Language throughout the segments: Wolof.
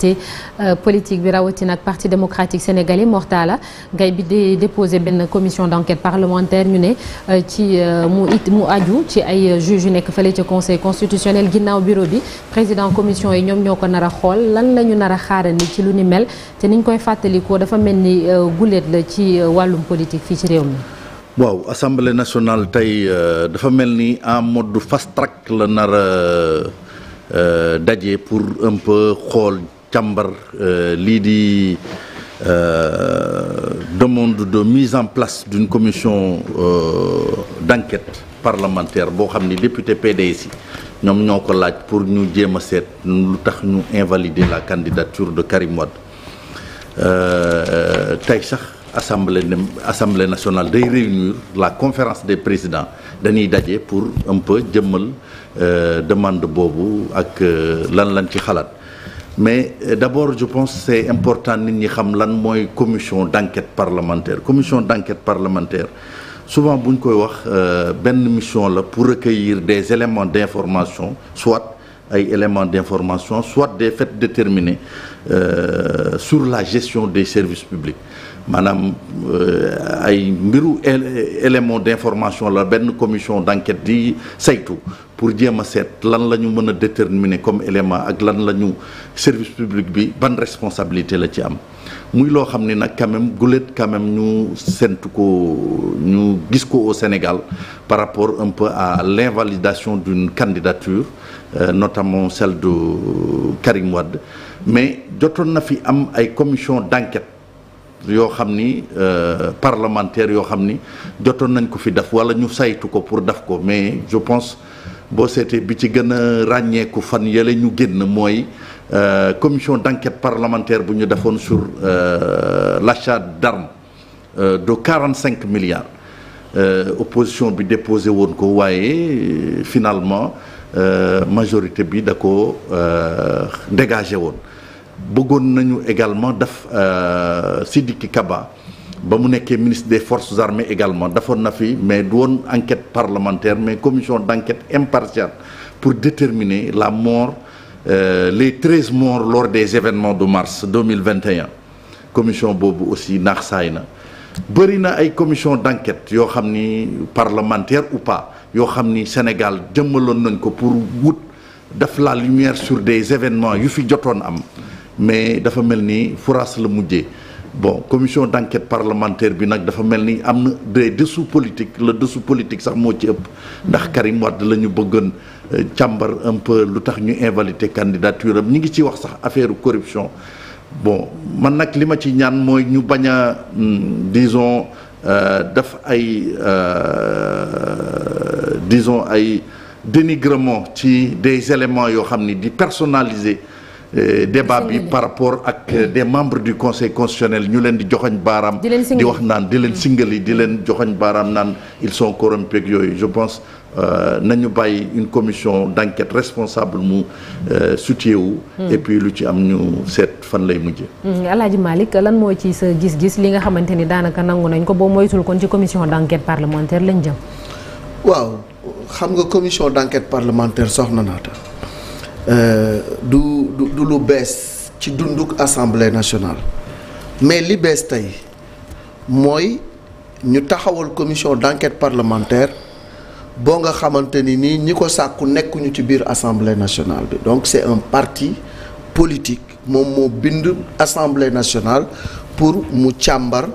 te euh, politique bi rawatina ak parti démocratique sénégalais Mortala ngay bi di déposé benn commission d'enquête parlementaire ñu ne euh, ci euh, mu it mu aju ci ay juge yu nekk fële ci conseil constitutionnel ginnaaw bureau bi président commission yi ñoom ñoo ko nar a xool lan la ñu nar a xaarandi ci lu ni mel te niñ koy fàttalikoo dafa mel ni guléet la ci wàllum politique fii ci réew mi. waaw assemblée nationale tey dafa mel ni en mode fast track la nar a pour un peu xool. càmbar euh, lii di euh, demande de mise en place d'une commission euh, d'enquête parlementaire boo xam ni député PDS yi ñoom ñoo ko laaj pour ñu jéem a seet lu tax ñu invalider la candidature de Karim Wade tey sax assemblée assemblée nationale day réunir la conférence des présidents dañuy daje pour un peu jëmmal demande boobu ak lan lañ ci xalaat. mais euh, d' abord je pense c' important nit ñi xam lan mooy commission d' enquête parlementaire commission d' enquête parlementaire souvent bu ñu koy wax euh, benn mission la pour recueillir des éléments d' information soit ay éléments d' information soit des faits déterminés euh, sur la gestion des services publics maanaam euh, ay mbiru élément d'information la benn commission d'enquête di saytu pour jéem a seet lan la ñu mën a déterminer comme élément ak lan la ñu service public bi ban responsabilité la ci am muy loo xam ni nag quand même gulet quand ñu sentu ko ñu gis ko au Sénégal par rapport un peu à l'invalidation d'une candidature euh, notamment celle de Karim Wade mais jotoon na fi am ay commission d'enquête yoo xam ni euh, parlementaire yoo xam ni jotoon nañ ko fi def wala ñu saytu ko pour def ko mais je pense boo seetee bi ci gën a ràññeeku fan yële ñu génn mooy euh, commission d'enquête parlementaire bu ñu defoon sur euh, l'achat d'armes de 45 milliards opposition bi déposé woon ko waaye finalement majorité bi da ko dégagé woon bëggoon nañu également def euh, Sidiki Kaba ba mu nekkee ministre des forces armées également defoon na fi mais du woon enquête parlementaire mais commission d'enquête impartiale pour déterminer la mort euh, les treize morts lors des événements de mars 2021 commission boobu aussi naax saay na bëri na ay commission d'enquête yoo xam ni parlementaire ou pas yoo xam ni Sénégal jëmmaloon nañ ko pour wut def la lumière sur des événements yu fi jotoon am mais dafa mel ni furaas la mujjee bon commission d'enquête parlementaire bi nag dafa mel ni am na des dessous politique le dessous politique sax moo ci ëpp ndax Karim Wade la ñu bëggoon euh, càmbar un peu lu tax ñu invalidé candidature am ñu ngi ci wax sax affaire corruption bon man nag li ma ci ñaan mooy ñu bañ a hmm, disons euh, def ay euh, disons ay dénigrement ci des éléments yoo xam ni di personnaliser Euh, débat bi par rapport ak euh, des membre du conseil constitutionnel ñu leen di joxoñ baaraam di wax naan di leen singali di leen joxoñ baaraam naan ils sont corrompus yooyu je pense euh, nañu bàyyi une commission d'enquête responsable mu sutiyee wu hmm. et puis lu ci am ñu seet fan lay mujje hmm, Alaaji Malick lan mooy ci sa gis-gis li nga xamante ni daanaka nangu nañ ko boo moytul kon ci commission d'enquête parlementaire lañ jëm waaw xam nga commission d'enquête parlementaire soxna naata Euh, du du lu bees ci dunduk assemblée nationale mais li bees tey mooy ñu taxawal commission d'enquête parlementaire boo nga xamante ni nii ñi ko sàkku nekkuñu ci biir assemblée nationale bi donc c'est un parti politique moom moo bind assemblée nationale pour mu càmbar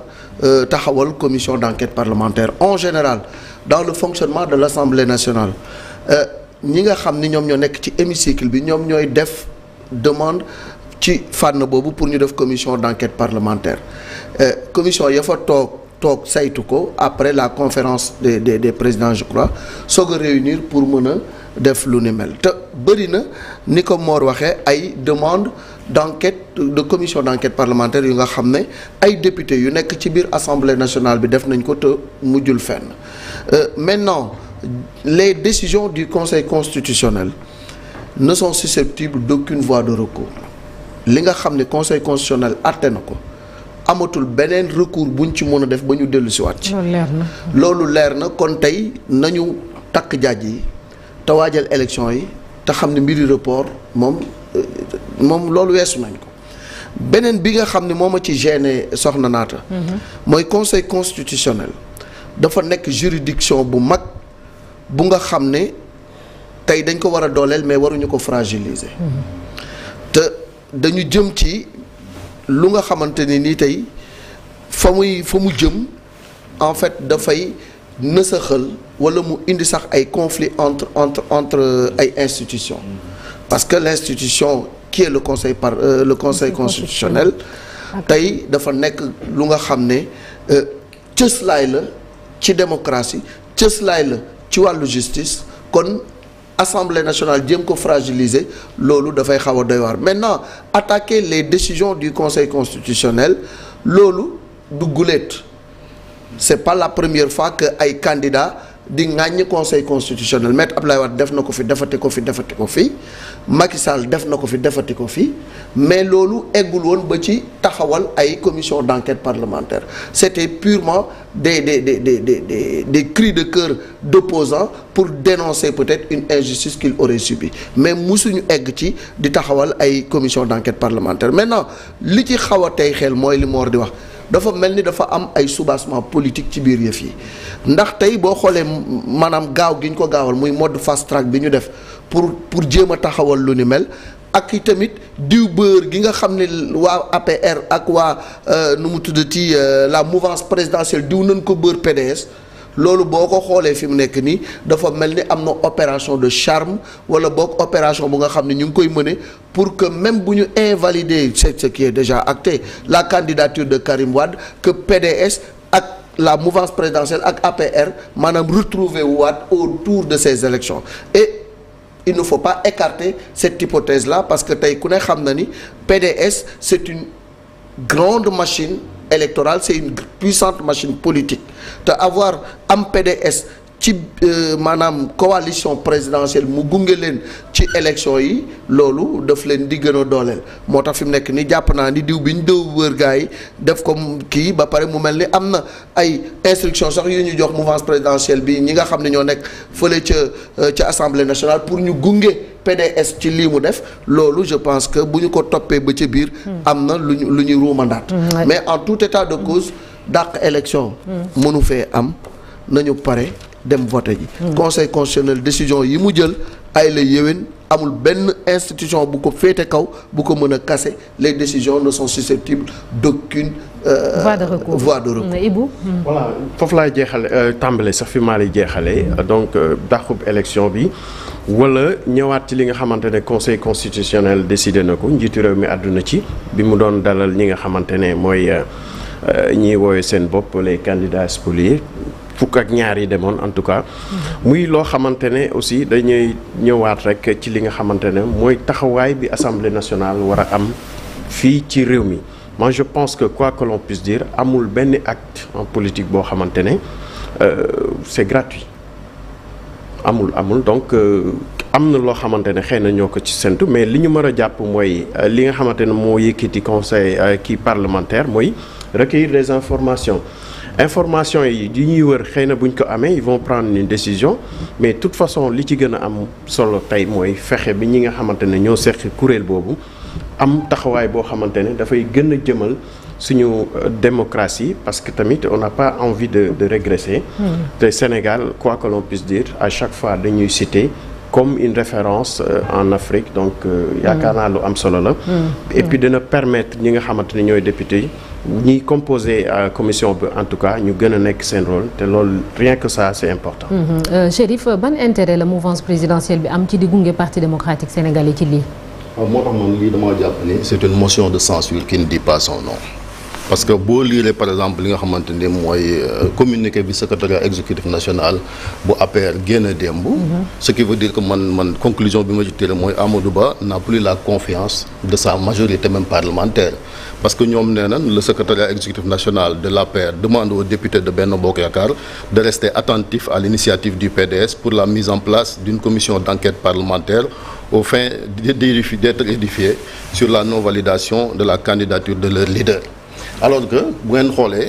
euh, taxawal commission d'enquête parlementaire en général dans le fonctionnement de l'assemblée nationale. Euh, ñi nga xam ni ñoom ñoo nekk ci hémicycle bi ñoom ñooy def demande ci fànn boobu pour ñu def commission d'enquête parlementaire euh, commission ya fa toog toog saytu ko après la conférence des des des présidents je crois soog a réunir pour mën a def lu ni mel te bëri na ni ko moor waxee ay demande d'enquête de commission d'enquête parlementaire yu nga xam ne ay député yu nekk ci biir assemblée nationale bi def nañ ko te mujjul fenn euh, maintenant. les décisions du Conseil constitutionnel ne sont susceptibles d'aucune voie de recours li nga xam ne Conseil constitutionnel atte na ko amatul beneen recours buñ ci mën a def ba ñu dellu si loolu leer na kon tey nañu takk jaaj yi te waajal élection yi te xam ne mbiri report moom euh, moom loolu weesu nañ ko beneen bi nga xam ne moom ma ci gêné soxna naata mhm. mooy conseil constitutionnel dafa nekk juridiction bu mag bu nga xam ne tey dañ ko war a dooleel mais waruñu ko fragiliser. te dañu jëm ci lu nga xamante ne ni tey fa muy fa mu jëm en fait dafay nësaxal wala mu indi sax ay conflits entre entre entre euh, ay institutions. parce que l'institution qui est le conseil par euh, le conseil constitutionnel. tey dafa nekk lu nga xam ne euh, cëslaay la ci démocratie cëslaay la. ci wàllu justice kon assemblée nationale jéem ko fragiliser loolu dafay xaw a doy waar maintenant attaquer les décisions du conseil constitutionnel loolu du guléet c'est pas la première fois que ay candidats di ŋàññi conseil constitutionnel maître Abdoulaye Wade def na ko fi defate ko fi defati ko fi Macky def na ko fi defati ko fi mais loolu eggul woon ba ci taxawal ay commission d'enquête parlementaire c'était purement des des des des des des cris de cœur d'opposants pour dénoncer peut-être une injustice qu'il aurait subie mais musuñu egg ci di taxawal ay commission d'enquête parlementaire maintenant li ci xaw a tey xel mooy li Mor di wax. dafa mel ni dafa am ay soubassement politique ci biir yëf yi ndax tey boo xoolee maanaam gaaw gi ñu ko gaawal muy mode fast track bi ñu def pour pour jéem a taxawal lu ni mel ak i tamit diw bër gi nga xam ne waa APR ak waa euh, nu mu tuddati euh, la mouvance présidentielle diw nañ ko bër PDS. loolu boo ko xoolee fi mu nekk nii dafa mel ni am na opération de charme wala boog opération bu nga xam ne ñu ngi koy mëne pour que même bu ñu invalider c'est ce qui est déjà acté la candidature de Karim Wade que PDS ak la mouvance présidentielle ak APR maanaam retrouver waat autour de ces élections et il ne faut pas écarter cette hypothèse là parce que tey ku ne xam na ni PDS c'est une grande machine électorale c'est une puissante machine politique te avoir am PDS ci euh, maanaam coalition présidentielle mu gunge leen ci élection yi loolu daf leen di gën a dooleel moo tax fi mu nekk ni jàpp naa ni diw bi ñu dëw wër gars yi def ko kii ba pare mu mel ni am na ay instruction sax yu ñu jox mouvance présidentielle bi ñi nga xam ne ñoo nekk fële ca euh, ca assemblée nationale pour ñu gunge PDS ci lii mu def loolu je pense que bu ñu ko toppee ba ca biir hmm. am na lu ñu lu ñuy ruumandaat hmm, mais en tout état de cause dàq élection hmm. mënu fee am nañu dem voté ji. Hmm. conseil constitutionnel décision yi mu jël ay la yéwén amul benn institution bu ko féete kaw bu ko mën a kase les décisions ne sont susceptibles d'aucune Euh, voie de recours voie de recours. Hmm, hmm. voilà foofu laay jeexale euh, tàmbale sax fi maa lay jeexalee euh, donc euh, dàqub élection bi wala ñëwaat ci li nga xamante ne conseil constitutionnel décidé na ko njiitu réew mi àdduna ci bi mu doon dalal ñi nga xamante ne mooy ñiy woowee seen bopp les candidats spoliés fukk ak ñaar yi demoon en tout cas. muy loo xamante ne aussi dañuy ñëwaat rek ci li nga xamante ne mooy taxawaay bi assemblée nationale war a am fii ci réew mi. moi je pense que quoi que l'on puisse dire amul benn acte politique boo xamante ne euh, c'est gratuit amul amul donc. Euh, am na loo xamante ne xëy na ñoo ko ci sentu mais li ñu mën a jàpp mooy euh, li nga xamante ne moo yëkkati conseil kii parlementaire mooy recueillir des informations information yi yi ñuy wër xëy na buñ ko amee ils vont prendre une décision mais tout toute façon li ci gën a am solo tey mooy fexe bi ñi nga xamante ne ñoo seq kuréel boobu am taxawaay boo xamante ne dafay gën a jëmal suñu euh, démocratie parce que tamit on n'a pas envie de de régresser hmm. te Sénégal quoi que l'on puisse dire à chaque fois dañuy citer comme une référence euh, en Afrique donc euh, yaakaar hmm. naa lu am solo la hmm. et puis dina permettre ñi nga xamante ne ñooy député ñuy composé euh, commission bi en tout cas ñu gën a nekk seen rôle te loolu rien que ça c'est important. Mm-hmm. Euh, Chérif ban intérêt la mouvance présidentielle bi am ci di gunge parti démocratique sénégalais ci lii. Ah, moo tax man lii dama jàpp ni c'est une motion de censure qui ne dit pas son nom. parce que boo liiree par exemple li nga xamante ni mooy euh, communiqué bi secrétaire exécutif national bu APR génn démb. Mm-hmm. ce qui veut dire que man man conclusion bi ma mooy amadu Ba n'a plus la confiance de sa majorité même parlementaire. parce que ñoom nee nañ le secrétariat exécutif national de l'APR demande aux députés de Benno Bokk Yakaar de rester attentifs à l'initiative du PDS pour la mise en place d'une commission d'enquête parlementaire aux fins d'être édifiée sur la non-validation de la candidature de leur leader. alors que bu ngeen xoolee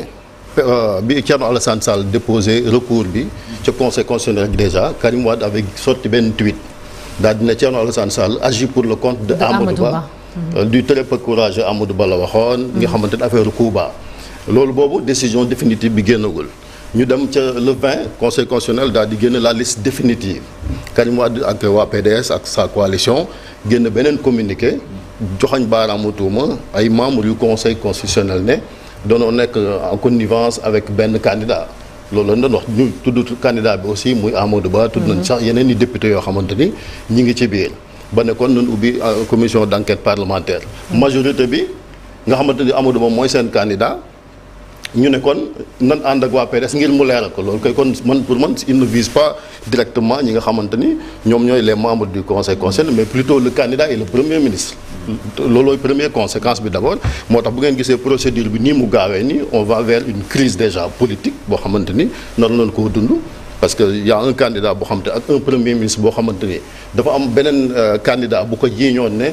euh, bi Thierno Alassane Sall déposé recours bi ca conseil constitutionnel déjà Karim Wade avec sorti benn tweet daal dina Thierno Alassane Sall agi pour le compte de Amadou Ba euh, du très peu courageux la waxoon mm-hmm. nga xamante ne affaire Kouba loolu boobu décision définitive bi génnagul ñu dem ca le 20 conseil constitutionnel daal di génn la liste définitive Karim Wade ak waa PDS ak sa coalition génn beneen communiqué joxañ baaraamu tuuma ay membres yu conseil constitutionnel ne danoo nekk en connivence avec benn candidat loolu lañ doon wax ñu tudd candidat bi aussi muy Amadou Ba. tudd nañ mhm. sax yeneen i député yoo xamante ni ñi ngi ci biir. ba nekkoon kon nañ ubbi euh, commission d' enquête parlementaire. Mhm. majorité bi nga xamante ni Amadou Ba mooy seen candidat. ñu ne kon nan ànd ak waa PDS ngir mu leeral ko loolu koy kon man pour man il ne vise pas directement ñi nga xamante ni ñoom ñooy les membres du conseil concerné mais plutôt le candidat et le premier ministre loolooy première conséquence bi d'abord moo tax bu ngeen gisee procédure bi nii mu gaawee nii on va vers une crise déjà politique boo xamante ni noonu lañ koo dund parce que y a un candidat boo xamante ak un premier ministre boo xamante ni dafa am beneen euh, candidat bu ko jiiñoon ne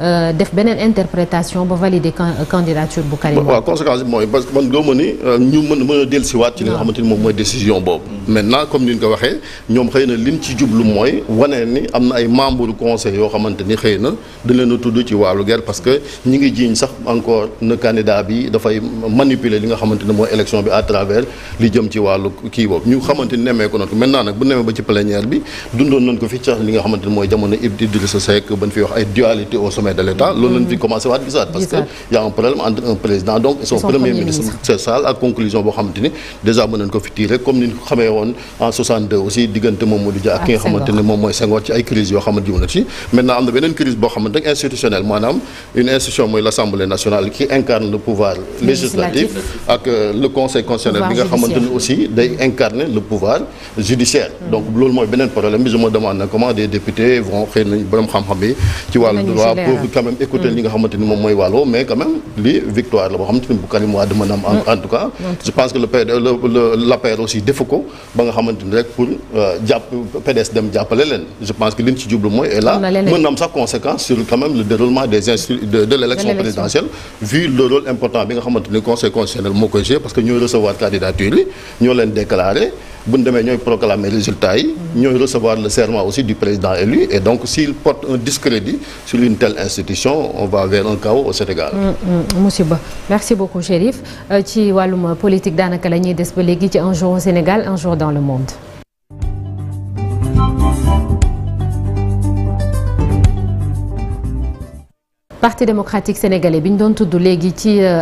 Euh, def beneen interprétation ba valider euh, candidature bu Karim waaw conséquence bi mooy parce que man gëmuma ni euh, ñu mën mën a dellusiwaat ci li ah. mm. ci yoo xamante ni xëy na dañ leen a tudd ci wàllu guerre que ñi ngi sax encore ne candidat bi dafay manipuler li nga xamante ni mooy élection bi à travers li jëm ci wàllu kii boobu ñu xamante nag bu nemee ba ci plénière bi dundoon nañ ko fi sax li nga xamante mooy jamono Idrissa Seck bañ fi wax ay dualité au sommet sommet loolu lañ fi mm. commencé waat gisaat parce que y a un problème président donc son premier ministre c'est ak conclusion boo xamante déjà mën ko fi tiré comme ni xamee woon en aussi diggante ah, moom mooy Senghor ci ay crise yoo xamante jëm na ci maintenant am na beneen crise boo xamante ne institutionnelle maanaam une institution mooy l'Assemblée nationale qui incarne le pouvoir législatif ak euh, le conseil constitutionnel bi nga xamante aussi day incarner donc quand même écouter li nga xamante ni moom mooy Waalo mais quand même lii victoire la boo xamante ni bu Karim Wade mën am en tout cas je pense que le PDS euh, dem jàppale leen je pense que li ñu ci jublu mooy et là mën am sax conséquence sur quand même le déroulement des instituts de l'élection présidentielle vu le rôle important bi nga xamante ni conseil constitutionnel moo koy jouer parce que ñooy recevoir candidature yi ñoo leen déclarer bu ñu demee ñooy proclamer résultat yi. ñooy recevoir le serment aussi du président élu et donc s'il porte un discrédit sur une telle institution on va vers un chaos au Sénégal. musiba mm, mm, mm, merci euh, ci wàllum politique daanaka la ñuy des ba léegi ci un jour au Sénégal un jour dans le monde. Parti démocratique sénégalais bi ñu doon tudd léegi ci. Euh,